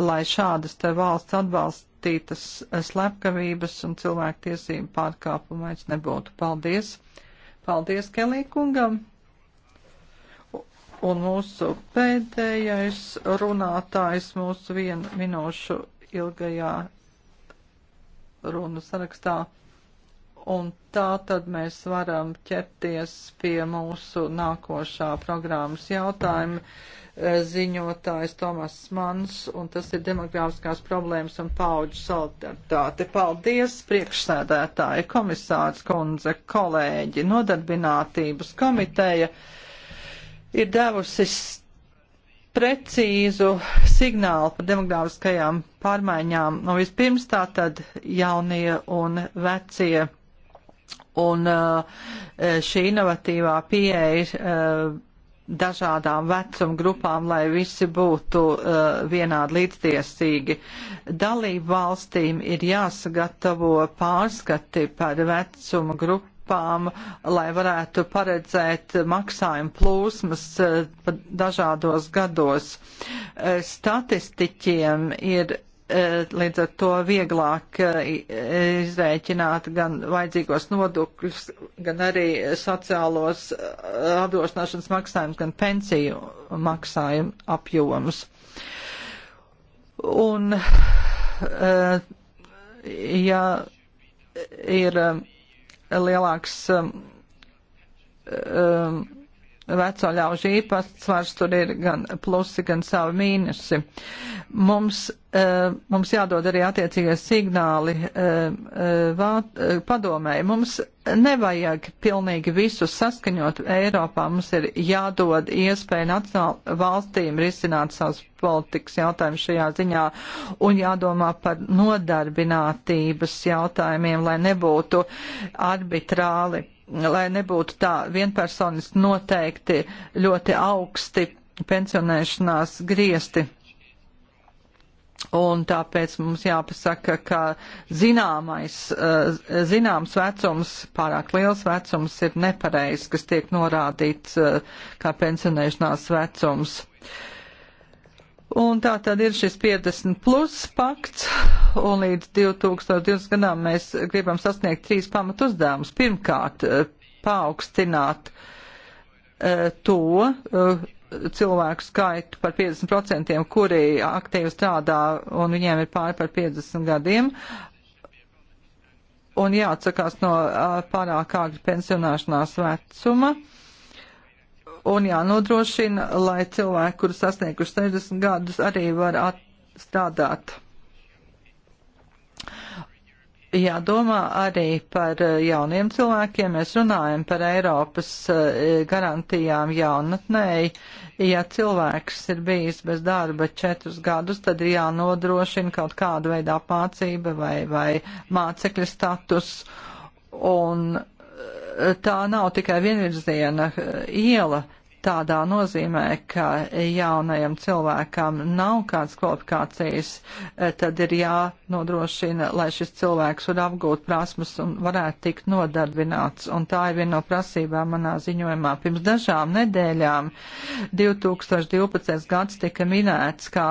lai šādas te valsts atbalstītas slepkavības un cilvēktiesību pārkāpuma vairs nebūtu. Paldies! Paldies Kelī kungam! Un mūsu pēdējais runātājs mūsu vienu minūšu ilgajā runu sarakstā. Un tā tad mēs varam ķerties pie mūsu nākošā programmas jautājuma. Eh, ziņotājs Tomas Mans, un tas ir demogrāfiskās problēmas un paudžu solidaritāte. Paldies, priekšsēdētāji, komisārs kundze, kolēģi, nodarbinātības komiteja ir devusi precīzu signālu par demogrāfiskajām pārmaiņām. Un nu, vispirms tā tad jaunie un vecie un eh, šī inovatīvā pieeja eh, dažādām vecuma grupām, lai visi būtu eh, vienādi līdztiesīgi. Dalību valstīm ir jāsagatavo pārskati par vecuma grupu grupām, lai varētu paredzēt maksājumu plūsmas dažādos gados. Statistiķiem ir Eh, līdz ar to vieglāk eh, izrēķināt gan vajadzīgos nodokļus, gan arī sociālos eh, apdrošināšanas maksājumus, gan pensiju maksājumu apjomus. Un, ja ir lielāks um, veco ļaužu īpatsvars, tur ir gan plusi, gan savi mīnusi. Mums, eh, mums jādod arī attiecīgie signāli eh, eh, padomēji. Mums nevajag pilnīgi visu saskaņot Eiropā, mums ir jādod iespēja nacionālu valstīm risināt savus politikas jautājumus šajā ziņā un jādomā par nodarbinātības jautājumiem, lai nebūtu arbitrāli lai nebūtu tā vienpersoniski noteikti ļoti augsti pensionēšanās griesti. Un tāpēc mums jāpasaka, ka zināmais, eh, zināms vecums, pārāk liels vecums ir nepareizs, kas tiek norādīts eh, kā pensionēšanās vecums. Un tā tad ir šis 50 plus pakts, un līdz 2020 gadām mēs gribam sasniegt trīs pamatu uzdevumus. Pirmkārt, eh, paaugstināt eh, to eh, cilvēku skaitu par 50%, kuri aktīvi strādā un viņiem ir pāri par 50 gadiem, un jāatsakās no pārāk agri pensionāšanās vecuma. Un jānodrošina, lai cilvēki, kuri sasnieguši 60 gadus, arī var strādāt jādomā arī par eh, jauniem cilvēkiem. Mēs runājam par Eiropas eh, garantijām jaunatnēji. Ja cilvēks ir bijis bez darba četrus gadus, tad ir jānodrošina kaut kāda veida apmācība vai, vai mācekļa status. Un eh, tā nav tikai vienvirziena iela tādā nozīmē, ka jaunajam cilvēkam nav kādas kvalifikācijas, e, tad ir jānodrošina, lai šis cilvēks var apgūt prasmes un varētu tikt nodarbināts. Un tā ir viena no prasībām manā ziņojumā. Pirms dažām nedēļām 2012. gads tika minēts kā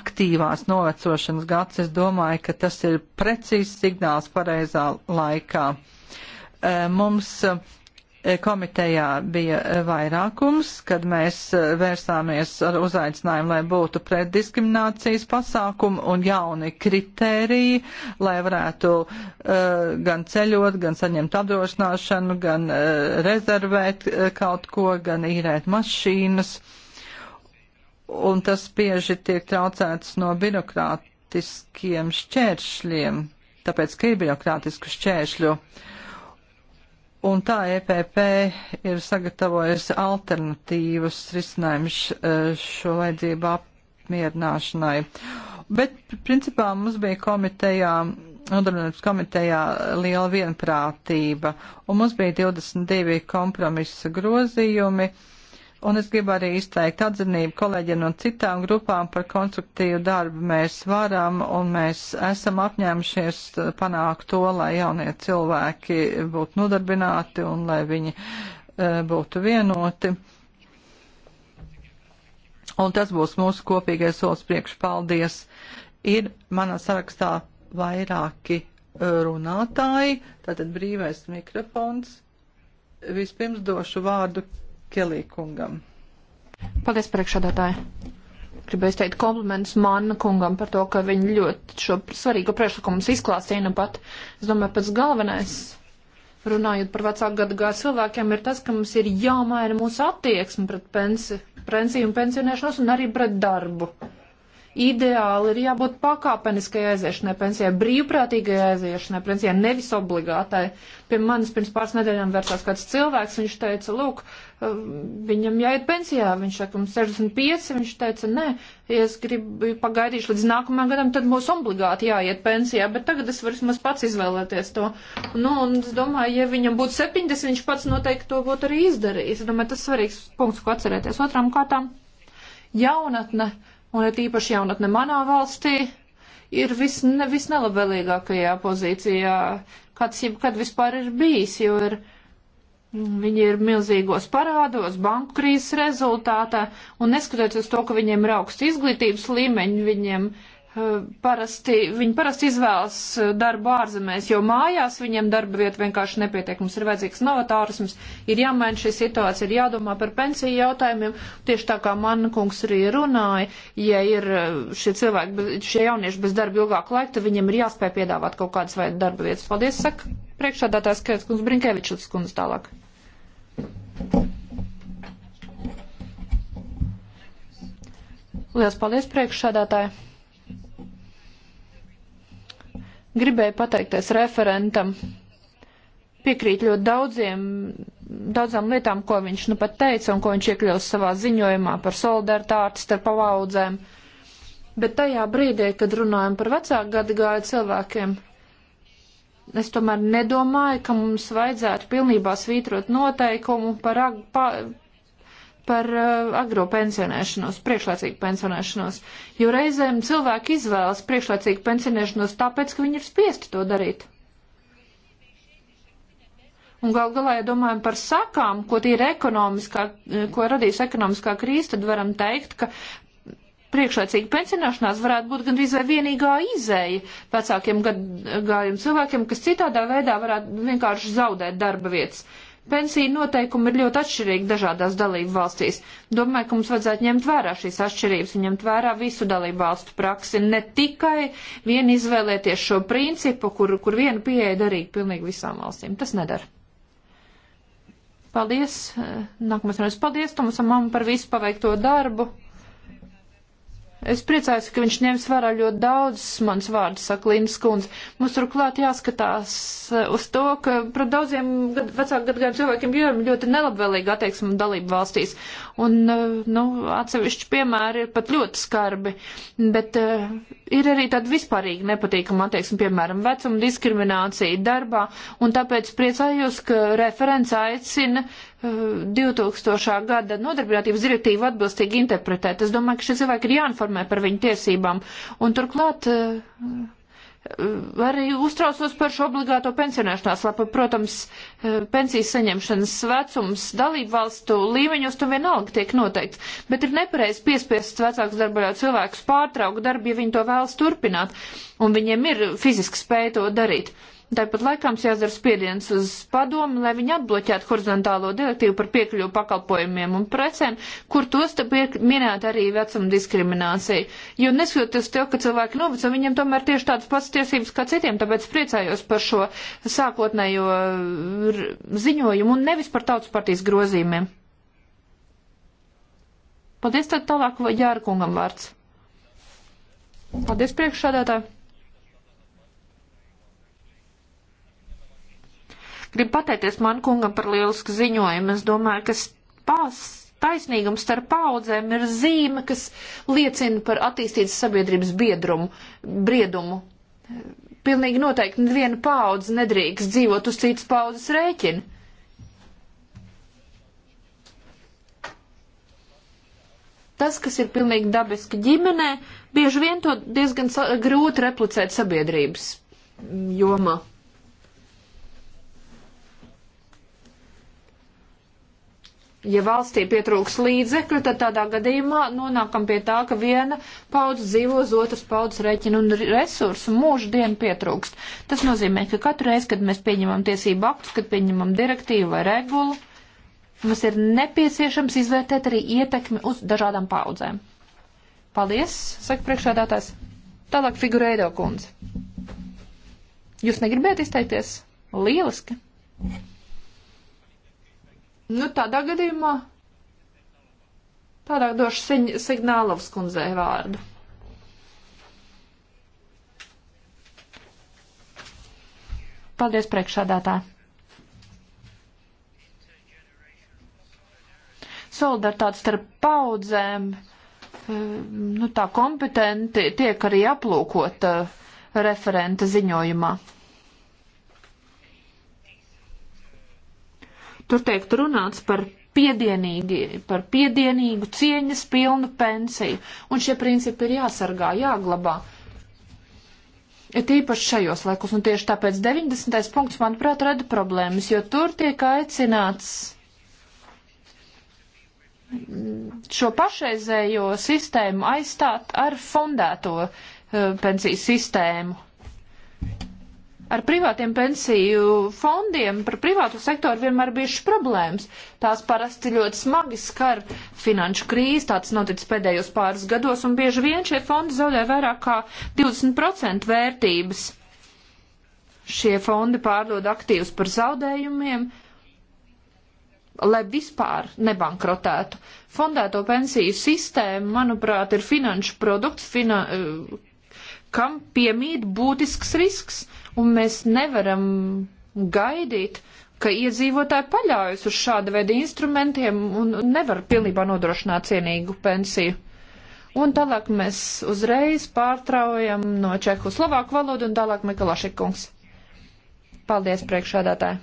aktīvās novecošanas gads. Es domāju, ka tas ir precīzs signāls pareizā laikā. E, mums komitejā bija vairākums, kad mēs e, vērsāmies ar uzaicinājumu, lai būtu preddiskriminācijas pasākumu un jauni kritēriji, lai varētu uh, gan ceļot, gan saņemt apdrošināšanu, gan uh, rezervēt uh, kaut ko, gan īrēt mašīnas. Un tas bieži tiek traucēts no birokrātiskiem šķēršļiem, tāpēc, ka ir birokrātisku šķēršļu. Uh, Un tā EPP ir sagatavojusi alternatīvus risinājumus eh, šo vajadzību apmierināšanai. Bet, principā, mums bija komitejā, nodarbinātības komitejā liela vienprātība, un mums bija 22 kompromisa grozījumi. Uh, Un es gribu arī izteikt atzinību kolēģiem no citām grupām par konstruktīvu darbu. Mēs varam un mēs esam apņēmušies panākt to, lai jaunie cilvēki būtu nodarbināti un lai viņi e, būtu vienoti. Un tas būs mūsu kopīgais solis priekš. Paldies! Ir manā sarakstā vairāki e, runātāji, tātad brīvais mikrofons. Vispirms došu vārdu Kelīkungam. Paldies, priekšādātāji! Gribēju teikt komplimentus Manna kungam par to, ka viņi ļoti šo svarīgo priekšlikumu mums izklāstīja nu pat. Es domāju, pats galvenais, runājot par vecāku gadu gāju cilvēkiem, ir tas, ka mums ir jāmaina mūsu attieksme pret pensi, pensiju un pensionēšanos un arī pret darbu ideāli ir jābūt pakāpeniskai aiziešanai pensijai, brīvprātīgai aiziešanai pensijai, nevis obligātai. Pie manis pirms pāris nedēļām vērsās kāds cilvēks, viņš teica, lūk, Um, viņam jāiet pensijā. Viņš saka, mums 65, viņš teica, nē, ja es gribu pagaidīšu līdz nākamajam gadam, tad mums obligāti jāiet pensijā, bet tagad es varu vismaz pats izvēlēties to. Nu, un es domāju, ja viņam būtu 70, viņš pats noteikti to būtu arī izdarījis. Es domāju, tas svarīgs punkts, ko atcerēties. Otram kārtām jaunatne, un ir īpaši jaunatne manā valstī, ir visne, visnelabvēlīgākajā pozīcijā, kāds jebkad vispār ir bijis, jo ir. Uh, Viņi ir milzīgos parādos, banku krīzes rezultātā, un neskatoties to, ka viņiem ir augsts izglītības līmeņi, viņiem uh, parasti, viņi parasti izvēlas eh, darbu ārzemēs, jo mājās viņiem darba vieta vienkārši nepietiek. Mums ir vajadzīgs novatārisms, ir jāmaina šī situācija, ir jādomā par pensiju jautājumiem. Tieši tā kā man kungs arī runāja, ja ir eh, šie cilvēki, šie jaunieši bez darba ilgāku laiku, tad viņiem ir jāspēj piedāvāt kaut kādas vai darba vietas. Paldies, saka priekšādātājs Kreits kungs Brinkēvičs kundz tālāk. Lielas paldies priekšsādātāji! Gribēju pateikties referentam. Piekrīt ļoti daudziem, daudzām lietām, ko viņš nu pat teica un ko viņš iekļaus savā ziņojumā par solidaritāti starp paudzēm. Bet tajā brīdī, kad runājam par vecāku gadu gāju cilvēkiem, Es tomēr nedomāju, ka mums vajadzētu pilnībā svītrot noteikumu par, ag, pa, par uh, eh, agro pensionēšanos, priekšlaicīgu pensionēšanos, jo reizēm cilvēki izvēlas priekšlaicīgu pensionēšanos tāpēc, ka viņi ir spiesti to darīt. Un gal galā, ja domājam par sakām, ko tie ir ekonomiskā, eh, ko radīs ekonomiskā krīze, tad varam teikt, ka priekšlaicīga pensionēšanās varētu būt gandrīz vai vienīgā izēja vecākiem gadgājumu cilvēkiem, kas citādā veidā varētu vienkārši zaudēt darba vietas. Pensiju noteikumi ir ļoti atšķirīgi dažādās dalību valstīs. Domāju, ka mums vajadzētu ņemt vērā šīs atšķirības un ņemt vērā visu dalību valstu praksi, ne tikai vien izvēlēties šo principu, kur, kur viena pieeja darīga pilnīgi visām valstīm. Tas nedara. Paldies. Nākamais runājums. Paldies, Tomasam, par visu paveikto darbu. Es priecājos, ka viņš ņems vērā ļoti daudz mans vārdus, saka Līnas kundze. Mums turklāt jāskatās eh, uz to, ka par daudziem gad, vecāku gadagājumu cilvēkiem jau ļoti nelabvēlīgi attieksmi dalību valstīs un, eh, nu, atsevišķi piemēri ir pat ļoti skarbi, bet uh, ir arī tāda vispārīga nepatīkama attieksme, piemēram, vecuma diskriminācija darbā, un tāpēc priecājos, ka referents aicina uh, eh, 2000. gada nodarbinātības direktīvu atbilstīgi interpretēt. Es domāju, ka šie cilvēki ir jāinformē par viņu tiesībām, un turklāt. Uh, arī uztraucos par šo obligāto pensionēšanās lapu. Protams, eh, pensijas saņemšanas vecums dalību valstu līmeņos tam vienalga tiek noteikts, bet ir nepareizi piespiest vecākus darbaļot cilvēkus pārtraukt darbu, ja viņi to vēlas turpināt, un viņiem ir fiziski spēja to darīt. Uh, Tāpat laikā mums jāizdara spiediens uz padomu, lai viņi atbloķētu horizontālo direktīvu par piekļuvu pakalpojumiem un precēm, kur tos te minēt arī vecuma diskriminācija. Jo neskatoties to, ka cilvēki noveco, viņiem tomēr tieši tādas pats tiesības kā citiem, tāpēc priecājos par šo sākotnējo ziņojumu un nevis par tautas partijas grozījumiem. Paldies, tad tālāk Jārkungam vārds. Paldies priekšsādātāji. Gribu pateikties man kungam par lielisku ziņojumu. Es domāju, ka pās, taisnīgums starp paudzēm ir zīme, kas liecina par attīstītas sabiedrības biedrumu, briedumu. Pilnīgi noteikti neviena paudze nedrīkst dzīvot uz citas paudzes rēķina. tas, kas ir pilnīgi dabiski ģimenē, bieži vien to diezgan grūti replicēt sabiedrības jomā. ja valstī pietrūks līdzekļu, tad tādā gadījumā nonākam pie tā, ka viena paudze dzīvo uz otras paudzes reķinu un resursu mūždien pietrūkst. Tas nozīmē, ka katru reizi, kad mēs pieņemam tiesību aktus, kad pieņemam direktīvu vai regulu, mums ir nepieciešams izvērtēt arī ietekmi uz dažādām paudzēm. Paldies, saka priekšādātājs. Tālāk figurēdo kundze. Jūs negribētu izteikties? Lieliski! Thank you. Nu, tādā gadījumā tādā došu Signālovs kundzei vārdu. Paldies, priekšādātāji! solidaritāte starp paudzēm, eh, nu tā kompetenti tiek arī aplūkota referenta ziņojumā. Tur teikt runāts par piedienīgi, par piedienīgu cieņas pilnu pensiju, un šie principi ir jāsargā, jāglabā. Ir īpaši šajos laikos, un tieši tāpēc 90. punkts, manuprāt, rada problēmas, jo tur tiek aicināts šo pašreizējo sistēmu aizstāt ar fondēto uh, pensiju sistēmu ar privātiem pensiju fondiem, par privātu sektoru vienmēr bijušas problēmas. Tās parasti ļoti smagi skar finanšu krīzi, tāds noticis pēdējos pāris gados, un bieži vien šie fondi zaudē vairāk kā 20% vērtības. Šie fondi pārdod aktīvus par zaudējumiem, lai vispār nebankrotētu. Fondēto pensiju sistēma, manuprāt, ir finanšu produkts, fina, kam piemīt būtisks risks un mēs nevaram gaidīt, ka iedzīvotāji paļaujas uz šāda veida instrumentiem un nevar pilnībā nodrošināt cienīgu pensiju. Un tālāk mēs uzreiz pārtraujam no čehu slovāku valodu un tālāk Mikalašikungs. Paldies priekšādātāji.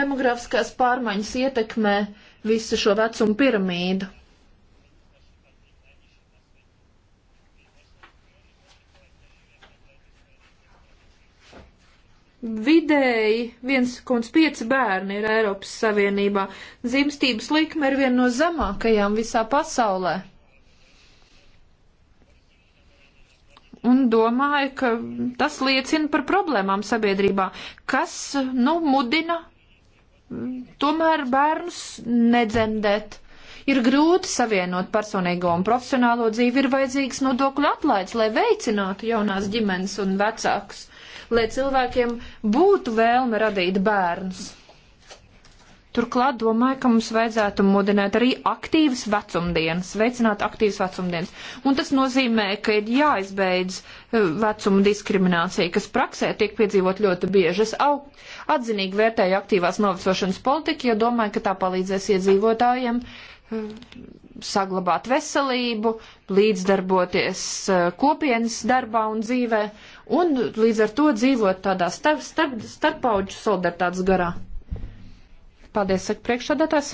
Demografiskās pārmaiņas ietekmē visu šo vecumu piramīdu Vidēji 1,5 bērni ir Eiropas Savienībā. Zimstības likme ir viena no zemākajām visā pasaulē. Un domāju, ka tas liecina par problēmām sabiedrībā, kas, nu, mudina mm, tomēr bērnus nedzemdēt. Ir grūti savienot personīgo un profesionālo dzīvi, ir vajadzīgs nodokļu atlaids, lai veicinātu jaunās ģimenes un vecākus lai cilvēkiem būtu vēlme radīt bērnus. Turklāt domāju, ka mums vajadzētu mudināt arī aktīvas vecumdienas, veicināt aktīvas vecumdienas. Un tas nozīmē, ka ir jāizbeidz eh, vecuma diskriminācija, kas praksē tiek piedzīvot ļoti bieži. Es aug, atzinīgi vērtēju aktīvās novecošanas politiku, jo domāju, ka tā palīdzēs iedzīvotājiem eh, saglabāt veselību, līdzdarboties eh, kopienas darbā un dzīvē, un līdz ar to dzīvot tādā starp, starp, starppauģu solidaritātes garā. Paldies, saka priekšsādātājs.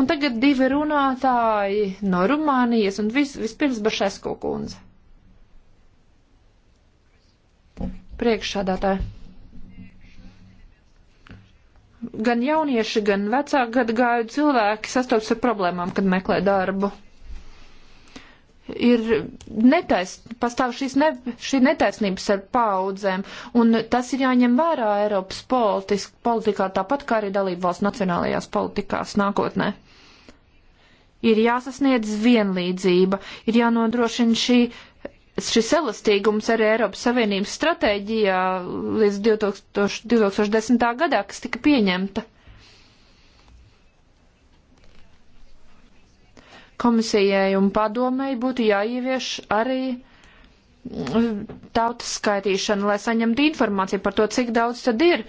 Un tagad divi runātāji no Rumānijas un vis, vispirms Bašesko kundze. Priekšsādātāji gan jaunieši, gan vecāku gadu gāju cilvēki sastopas ar problēmām, kad meklē darbu. Ir netais, pastāv šīs ne, šī netaisnības ar paudzēm, un tas ir jāņem vērā Eiropas politisk, politikā, tāpat kā arī dalību valsts nacionālajās politikās nākotnē ir jāsasniedz vienlīdzība, ir jānodrošina šī šis elastīgums arī Eiropas Savienības stratēģijā līdz 2000, 2010. gadā, kas tika pieņemta. Komisijai un padomēji būtu jāievieš arī mm, tautas skaitīšana, lai saņemtu informāciju par to, cik daudz tad ir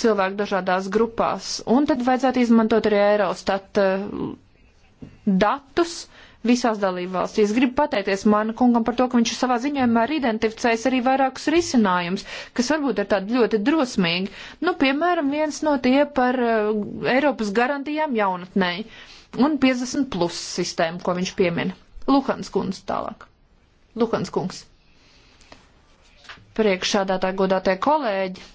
cilvēku dažādās grupās. Un tad vajadzētu izmantot arī Eurostat eh, datus, uh, visās dalībvalstīs. Gribu pateikties man kungam par to, ka viņš savā ziņojumā ir identificējis arī vairākus risinājumus, kas varbūt ir tādi ļoti drosmīgi. Nu, piemēram, viens no tie par uh, Eiropas garantijām jaunatnēji un 50 plus sistēmu, ko viņš piemina. Luhans kundze tālāk. Luhans kungs. Priekšādā tā godātie kolēģi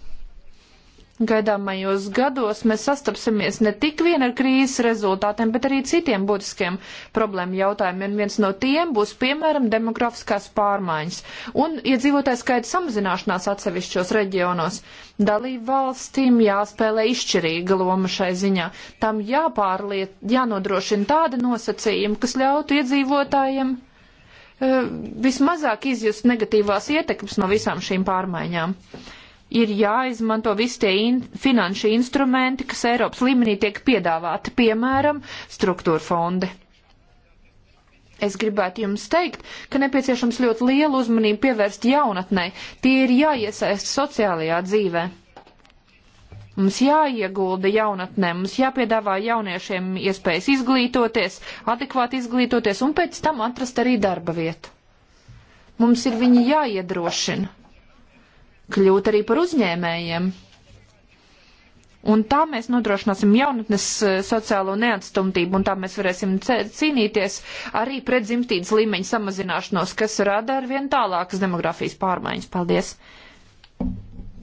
Gaidāmajos gados mēs sastapsimies ne tik vien ar krīzes rezultātiem, bet arī citiem būtiskiem problēmu jautājumiem. Viens no tiem būs, piemēram, demografiskās pārmaiņas un iedzīvotāju skaita samazināšanās atsevišķos reģionos. Dalību valstīm jāspēlē izšķirīga loma šai ziņā. Tam jāpārliet, jānodrošina tāda nosacījuma, kas ļautu iedzīvotājiem uh, vismazāk izjust negatīvās ietekmes no visām šīm pārmaiņām. Uh, ir jāizmanto visi tie in finanšu instrumenti, kas Eiropas līmenī tiek piedāvāti, piemēram, struktūra fondi. Es gribētu jums teikt, ka nepieciešams ļoti lielu uzmanību pievērst jaunatnē. Tie ir jāiesaist sociālajā dzīvē. Mums jāiegulda jaunatnē, mums jāpiedāvā jauniešiem iespējas izglītoties, adekvāti izglītoties un pēc tam atrast arī darba vietu. Mums ir viņi jāiedrošina kļūt arī par uzņēmējiem. Un tā mēs nodrošināsim jaunatnes e, sociālo neatstumtību, un tā mēs varēsim cīnīties arī pret dzimtības līmeņa samazināšanos, kas rada ar vien tālākas demografijas pārmaiņas. Paldies!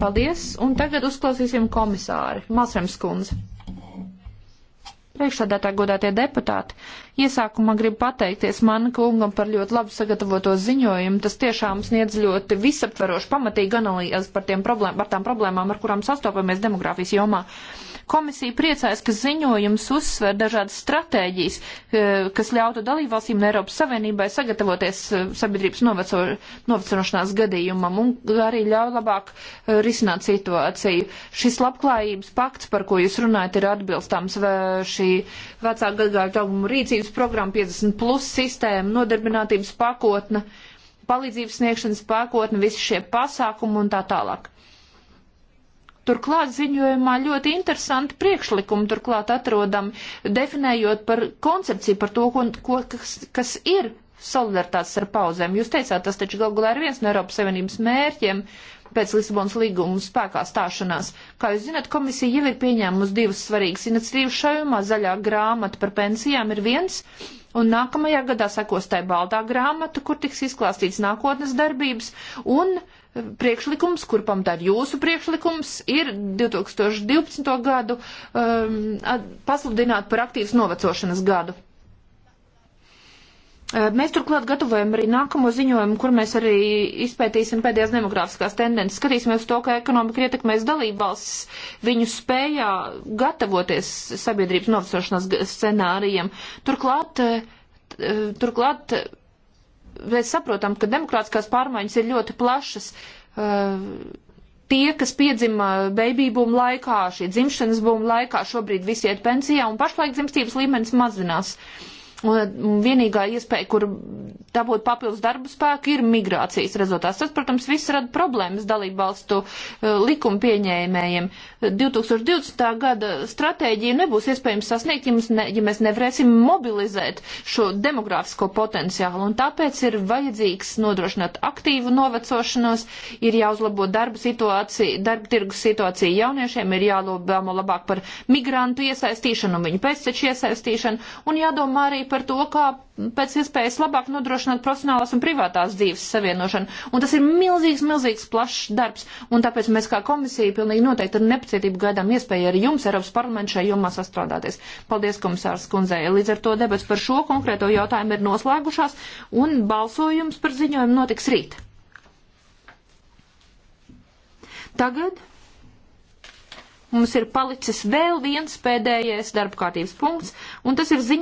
Paldies! Un tagad uzklausīsim komisāri Masrems kundze. Priekšsādātā godātie deputāti, Iesākumā gribu pateikties man kungam par ļoti labi sagatavoto ziņojumu. Tas tiešām sniedz ļoti visaptverošu pamatīgu analīzi par, problēm, par tām problēmām, ar kurām sastopamies demogrāfijas jomā. Komisija priecājas, ka ziņojums uzsver dažādas stratēģijas, eh, kas ļautu dalībvalstīm un Eiropas Savienībai sagatavoties eh, sabiedrības noveco, novecošanās gadījumam un arī ļauj labāk eh, risināt situāciju. Šis labklājības pakts, par ko jūs runājat, ir atbilstams šī vecā gadgāļu auguma rīcības palīdzības programma, 50 plus sistēma, nodarbinātības pakotne, palīdzības sniegšanas pakotne, visi šie pasākumi un tā tālāk. Turklāt ziņojumā ļoti interesanti priekšlikumi turklāt atrodam, definējot par koncepciju par to, ko, ko, kas, kas ir solidaritātes ar pauzēm. Jūs teicāt, tas taču galu galā ir viens no Eiropas Savienības mērķiem pēc Lisabonas līguma spēkā stāšanās. Kā jūs zināt, komisija jau ir pieņēmusi divas svarīgas iniciatīvas šajumā. Zaļā grāmata par pensijām ir viens, un nākamajā gadā sekos tai baltā grāmata, kur tiks izklāstīts nākotnes darbības, un priekšlikums, kur pamatā ir jūsu priekšlikums, ir 2012. gadu um, pasludināt par aktīvas novecošanas gadu. Mēs turklāt gatavojam arī nākamo ziņojumu, kur mēs arī izpētīsim pēdējās demografiskās tendences. Skatīsimies to, kā ekonomika ietekmēs dalībvalsts viņu spējā gatavoties sabiedrības novecošanās scenārijiem. Turklāt, turklāt mēs saprotam, ka demokrātiskās pārmaiņas ir ļoti plašas tie, kas piedzima bērnībūmu laikā, šī dzimšanas būmu laikā, šobrīd visi iet pensijā un pašlaik dzimstības līmenis mazinās. Uh, Un mm, vienīgā iespēja, kur dabūt papildus darbu spēku, ir migrācijas rezultāts. Tas, protams, viss rada problēmas dalībvalstu eh, likuma pieņēmējiem. 2020. gada stratēģija nebūs iespējams sasniegt, ja, ne, ja mēs nevarēsim mobilizēt šo demogrāfisko potenciālu. Un tāpēc ir vajadzīgs nodrošināt aktīvu novecošanos, ir jāuzlabo darba situācija, darba tirgus situācija jauniešiem, ir jālobāmo labāk par migrantu iesaistīšanu un viņu pēcteču iesaistīšanu, un jādomā arī par to, kā pēc iespējas labāk nodrošināt profesionālās un privātās dzīves savienošanu. Un tas ir milzīgs, milzīgs plašs darbs, un tāpēc mēs kā komisija pilnīgi noteikti ar nepacietību gaidām iespēju arī jums, Eiropas parlamentu, šajā jomā sastrādāties. Paldies, komisārs Kunzē. Līdz ar to debats par šo konkrēto jautājumu ir noslēgušās, un balsojums par ziņojumu notiks rīt. Tagad mums ir palicis vēl viens pēdējais darba kārtības punkts, un tas ir ziņā.